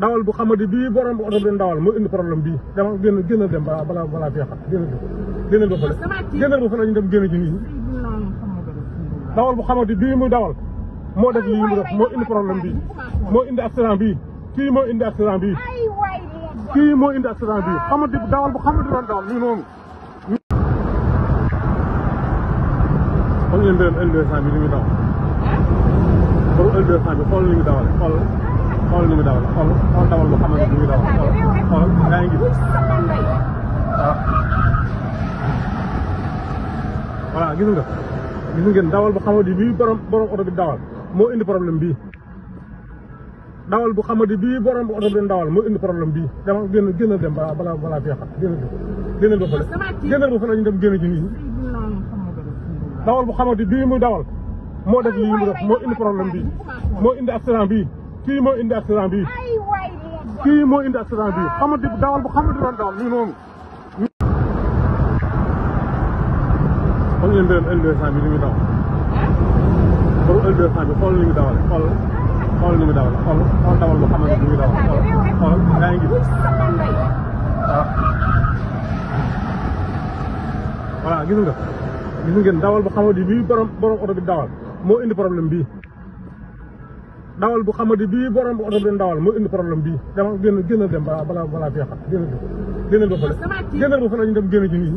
dawal bu xamadi bii borom oto bi doon dawal moo indi problème bii dama génn génnal dem balaa balaa balaa feexal génnal ko génnal ko fële génnal ko fële ñu dem génn ji nii dawal bu xamadi bii muy dawal moo def lii mu def moo indi problème bii moo indi accident bii kii moo indi accident bii kii moo indi accident bii xamadi dawal bu xamadi doon dawal lii noonu L200 bi li muy dawal xool nu mu dawal xool xool dawal boo xamante ni mu ngi dawal xool xool yaa ngi gis ah. voilà gis nga gis ngeen dawal bu xamante bii borom borom oto bi dawal moo indi problème bii dawal bu xamante bii borom oto bi dawal moo indi problème bii dama génn génnal dem balaa balaa balaa feexal génnal génnal ba fële génnal ba fële ñu dem génn ci nii dawal bu xamante bii muy dawal moo def lii mu def moo indi problème bii moo indi accident bii kii moo indi accident bi kii moo indi accident bi ah. xamante dawal bu xamante doon dawal ñu noonu. xool ngeen beneen L200 bi ni muy daw xool L200 bi xool ni muy dawale xool xool ni muy dawale xool xool dawal bu xamante ni muy dawal xool xool yaa ngi gis voilà gis nga gis ngeen dawal bu xamante ni bii borom borom oto bi dawal moo indi problème bii. dawal bu xamadi bii borom oto bi doon dawal moo indi problème bii dama génn génnal dem balaa balaa balaa feexal génnal ko génnal ko fële génnal ko fële ñu dem génn ji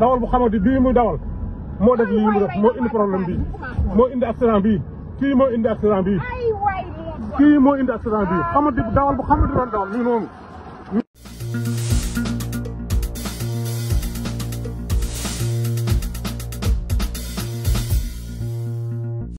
dawal bu xamadi bii muy dawal moo def lii mu def moo indi problème bii moo indi accident bii kii moo indi accident bii kii moo indi accident bii xamadi dawal bu xamadi doon dawal lii noonu